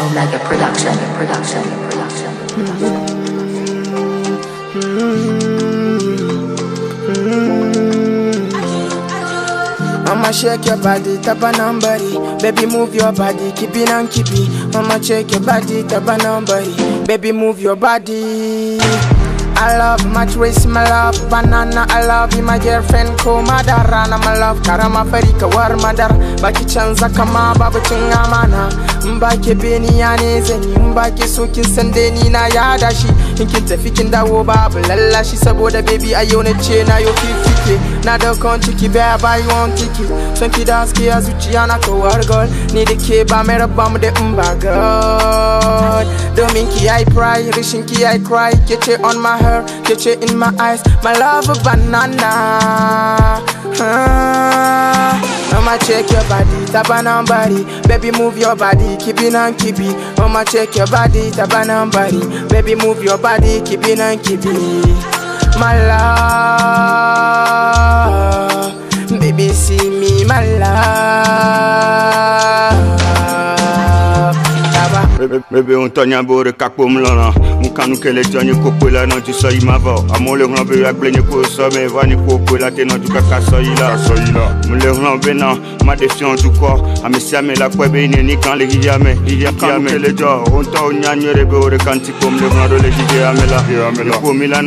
Omega Production, Production, Production. I'ma shake your body, tap on nobody. Baby, move your body, keep it on, keep it. I'ma shake your body, tap on nobody. Baby, move your body. I love my twist, my love banana I love you my girlfriend ko madara na my love karama fari kawar madar baki canza kama babu cin amana in baki beniya ne zan yi in so kin san ni na ya dashi in kin tafi kin dawo babu lallashi saboda baby a na ce na yo fifike na ciki baya bayi won tiki son ki da haske zuciya na kawar gol ni da ke ba mai mu da in ba girl Minky I cry, Rishinki I cry Get it on my hair, get it in my eyes My love a banana ah. I'ma check your body, tap on body Baby move your body, keep it on keep it I'ma check your body, tap on body Baby move your body, keep it on keep it My love Baby see me, my love Bébé on tonya bore kakpom a. Mon kele tonye kokwe la non tu soyi mava mon le rambe ak blenye ko A Vani kokwe la t'es non tu le grand nan ma du kwa la ni kan le kele on to nyanye rebe ore on kom Le Mela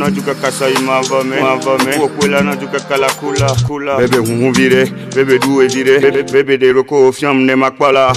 le la tu tu Bébé on bébé d'où est Bébé de roko fiam ne makwala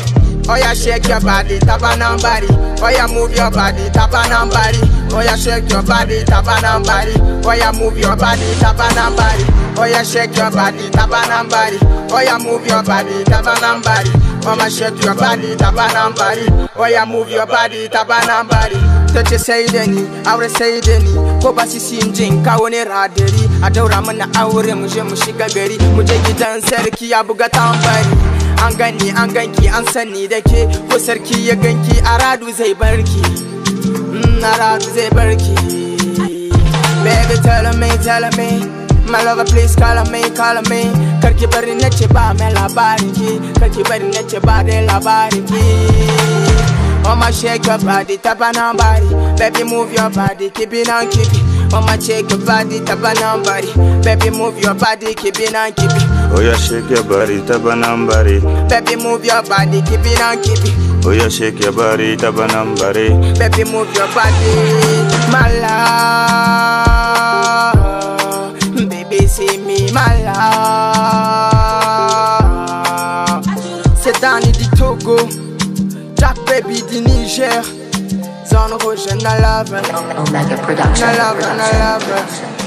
Oh yeah, shake your body, tap on body. Oh yeah, move your body, tap on body. Oh yeah, shake your body, tap on body. Oh yeah, move your body, tap on body. Oh yeah, shake your body, tap on body. Oh yeah, move your body, tap on body. Mama shake your body, tap on body. Oh yeah, move your body, tap on body. tace sai da ni aure sai da ni ko ba sisi jin kawo ne radari a daura mana aure mu je mu shiga gari mu je gidan sarki ya buga tambari an gani an sani da ko sarki ya ganki a zai barki mm, a radu zai barki baby tell me tell me My lover please call me, call me Karki bari na ce ba mai labarin ki Karki bari na ce ba dai labarin ki Mama shake your body, tap on body Baby move your body, keep it on, keep it Mama shake your body, tap on body Baby move your body, keep it on, keep it Oh yeah, shake your body, tabanambari. Baby, move your body, keep it on, keep it. Oh yeah, shake your body, tabanambari. Baby, move your body, my love. Baby, see me, my love. C'est Danny du Togo, Jack Baby du Niger, Zone Rouge, Nalaven, Omega Production,